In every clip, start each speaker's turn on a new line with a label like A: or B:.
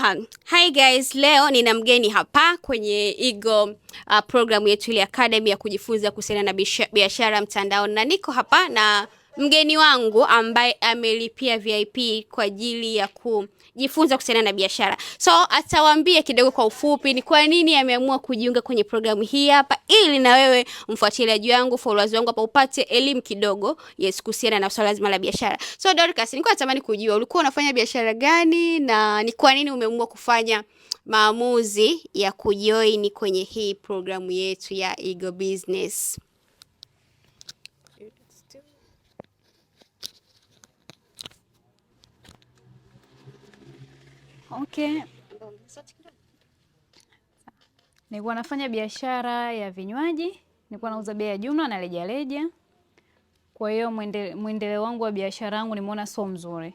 A: Ha. Hi guys, leo nina mgeni hapa kwenye Eagle uh, programu yetu ile academy ya kujifunza kuhusiana na biashara mtandao na niko hapa na mgeni wangu ambaye amelipia VIP kwa ajili ya kujifunza kuhusiana na biashara. So atawaambia kidogo kwa ufupi ni kwa nini ameamua kujiunga kwenye programu hii hapa, ili na wewe mfuatiliaji wangu, followers wangu hapa, upate elimu kidogo yes, kuhusiana na swala zima la biashara. So Dorcas, nilikuwa natamani kujua ulikuwa unafanya biashara gani na ni kwa nini umeamua kufanya maamuzi ya kujoin kwenye hii programu yetu ya Eagle Business.
B: Okay. Nilikuwa nafanya biashara ya vinywaji, nilikuwa nauza bei ya jumla na rejareja. Kwa hiyo mwendeleo wangu wa biashara yangu nimeona sio mzuri,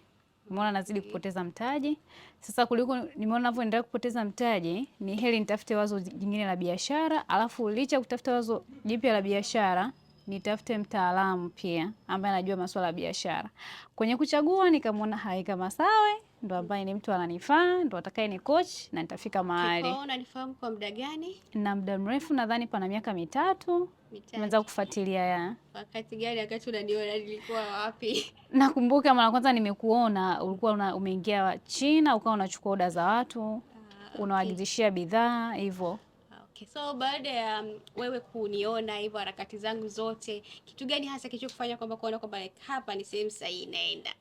B: nimeona nazidi kupoteza mtaji. Sasa kuliko nimeona navyoendelea kupoteza mtaji, ni heri nitafute wazo jingine la biashara, alafu licha kutafuta wazo jipya la biashara nitafute mtaalamu pia ambaye anajua masuala ya biashara. Kwenye kuchagua nikamwona Haika Masawe ndo ambaye ni mtu ananifaa, ndo atakaye ni coach na nitafika mahali.
A: Unanifahamu kwa muda gani?
B: Na muda mrefu, nadhani pana miaka mitatu nimeanza kufuatilia ya.
A: Wakati gani? Wakati unaniona nilikuwa wapi?
B: Nakumbuka mara kwanza nimekuona ulikuwa umeingia China, ukawa unachukua oda za watu ah, okay. Unawaagizishia bidhaa hivyo
A: ah, Okay, so baada ya um, wewe kuniona hivyo harakati zangu zote, kitu gani hasa kilichokufanya kwamba kuona kwamba hapa ni sehemu sahihi naenda?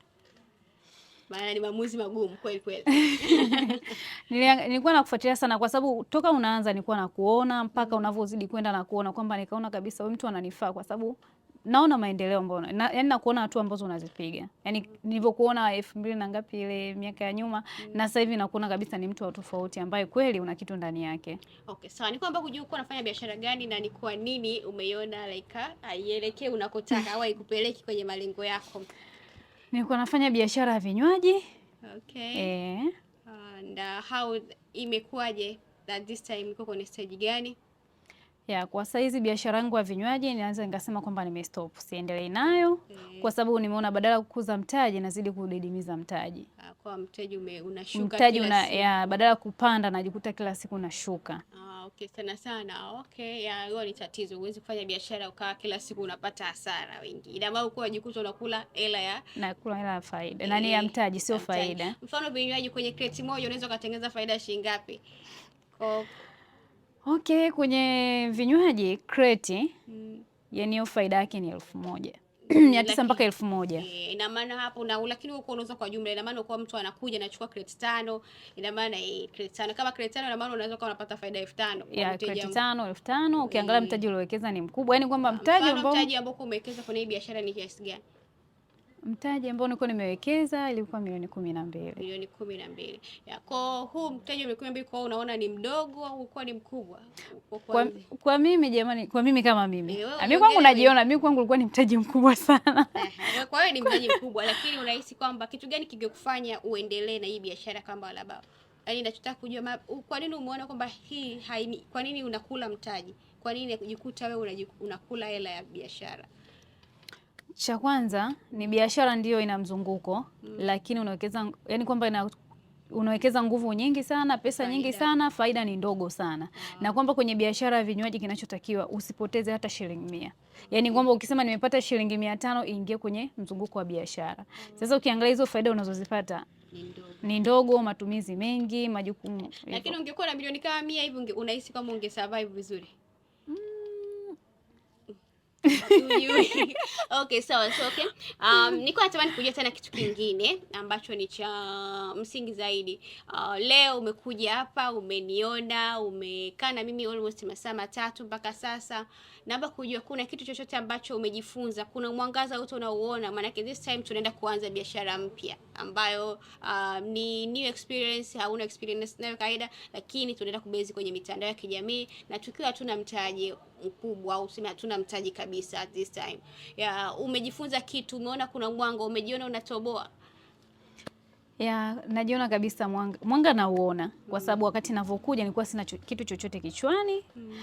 A: maana ni maamuzi magumu kweli kweli.
B: Nilikuwa nakufuatilia sana kwa sababu toka unaanza nilikuwa nakuona mpaka mm. unavyozidi kwenda na kuona kwamba nikaona kabisa huyu mtu ananifaa kwa sababu naona maendeleo ambayo na, yani nakuona hatua ambazo unazipiga yani mm. nilivyokuona elfu mbili na ngapi ile miaka ya nyuma mm. na sasa hivi nakuona kabisa ni mtu wa tofauti ambaye kweli una kitu ndani yake.
A: Okay, sawa. So, ni kwamba kujua uko unafanya biashara gani na ni kwa nini umeiona like haielekee unakotaka au haikupeleki kwenye malengo yako.
B: Nilikuwa nafanya biashara ya vinywaji.
A: Okay. Eh. Uh, and uh, how imekuwaje that this time iko kwenye stage gani?
B: Ya, kwa saizi biashara yangu ya vinywaji naweza nikasema kwamba nimestop, siendelei nayo mm. Kwa sababu nimeona badala ya kukuza mtaji nazidi kudidimiza mtaji.
A: Ah, kwa mtaji ume, unashuka
B: mtaji kila una, siku. Ya, badala ya kupanda najikuta kila siku nashuka.
A: Ah, okay, sana sana. Okay, ya hiyo ni tatizo. Huwezi kufanya biashara ukawa kila siku unapata hasara wingi. Ina maana uko unajikuta unakula hela ya
B: nakula hela ya faida. E, nani ya eh, mtaji sio faida.
A: Mfano vinywaji kwenye kreti moja unaweza kutengeneza faida shilingi ngapi? Kwa
B: Okay, kwenye vinywaji kreti mm. Yani yenyewe faida yake ni elfu moja mia tisa mpaka elfu moja
A: eh, ina maana hapo na lakini wewe unauza kwa jumla, ina maana kwa mtu anakuja anachukua kreti tano, ina maana eh, kreti tano kama kreti tano, ina maana unaweza kuwa unapata faida elfu tano
B: ya kreti tano elfu tano ukiangalia mm. mtaji uliowekeza ni mkubwa, yani kwamba ah, mtaji ambao
A: mtaji ambao umewekeza kwenye hii biashara ni kiasi gani?
B: Mtaji ambao nilikuwa nimewekeza ilikuwa milioni kumi na mbili.
A: Milioni kumi na mbili. Kwa huu mtaji wa milioni kumi na mbili, kwa unaona ni mdogo au ulikuwa ni mkubwa?
B: Kwa, kwa mimi jamani, kwa mimi kama mimi. Mimi kwangu najiona mimi kwangu ulikuwa ni mtaji mkubwa sana.
A: Kwa hiyo ni mtaji mkubwa lakini unahisi kwamba kitu gani kingekufanya uendelee na hii biashara kama labda? Yaani ninachotaka kujua kwa nini umeona kwamba hii haini, kwa nini unakula mtaji? Kwa nini unajikuta wewe unakula hela ya biashara?
B: Cha kwanza ni biashara ndiyo ina mzunguko mm. lakini unawekeza yani kwamba ina unawekeza nguvu nyingi sana, pesa faida nyingi sana, faida ni ndogo sana ah. na kwamba kwenye biashara ya vinywaji kinachotakiwa usipoteze hata shilingi mia. Mm. Yaani kwamba ukisema nimepata shilingi mia tano iingie kwenye mzunguko wa biashara. Mm. Sasa ukiangalia hizo faida unazozipata ni ndogo, matumizi mengi, majukumu.
A: Lakini ungekuwa na milioni kama mia hivi, unahisi kama survive vizuri? Okay, sawa so, so, okay. Um, niko natamani kujua tena kitu kingine ambacho ni cha msingi zaidi. Uh, leo umekuja hapa umeniona, umekaa na mimi almost masaa matatu mpaka sasa. Naomba kujua kuna kitu chochote ambacho umejifunza, kuna mwangaza wote unaouona, maanake this time tunaenda kuanza biashara mpya ambayo uh, ni new experience, hauna experience nayo kawaida, lakini tunaenda kubezi kwenye mitandao ya kijamii na tukiwa hatuna mtaji mkubwa au useme hatuna mtaji kabisa at this time. Ya, umejifunza kitu, umeona kuna mwanga, umejiona unatoboa
B: ya najiona kabisa mwanga, mwanga nauona kwa mm. sababu wakati navyokuja nilikuwa sina cho, kitu chochote kichwani mm.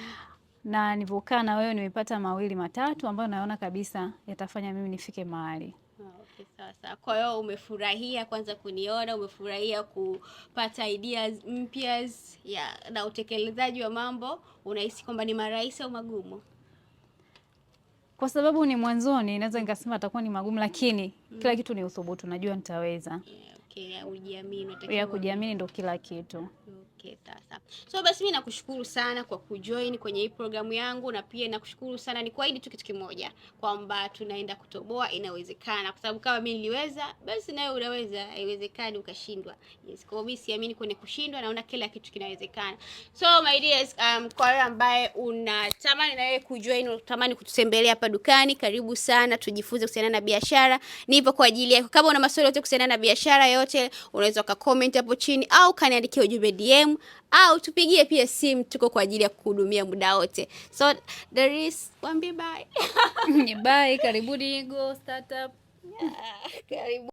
B: Na nilivyokaa na wewe nimepata mawili matatu ambayo naona kabisa yatafanya mimi nifike mahali
A: Okay, sawa sawa. Kwa hiyo umefurahia kwanza kuniona, umefurahia kupata ideas mpya ya na utekelezaji wa mambo. Unahisi kwamba ni marahisi au magumu?
B: Kwa sababu ni mwanzoni, naweza nikasema atakuwa ni magumu, lakini mm. kila kitu ni uthubutu, najua nitaweza.
A: yeah okay, ya kujiamini
B: ya kujiamini ndio kila kitu.
A: Okay, sasa. So basi mimi nakushukuru sana kwa kujoin kwenye hii programu yangu na pia nakushukuru sana, ni kuahidi tu kitu kimoja kwamba tunaenda kutoboa, inawezekana, kwa sababu kama mimi niliweza, basi nawe unaweza. Haiwezekani ukashindwa. Yes, kwa mimi siamini kwenye kushindwa, naona kila kitu kinawezekana. So my dears, um, kwa wewe ambaye unatamani na wewe kujoin, unatamani kututembelea hapa dukani, karibu sana, tujifunze kuhusiana na biashara. Nipo kwa ajili yako. Kama una maswali yote kuhusiana na biashara yoyote, unaweza ukakoment hapo chini au kaniandikia ujumbe DM au tupigie pia simu, tuko kwa ajili ya kuhudumia muda wote. So there bye.
B: Bye, karibuni Startup. Yeah, karibu.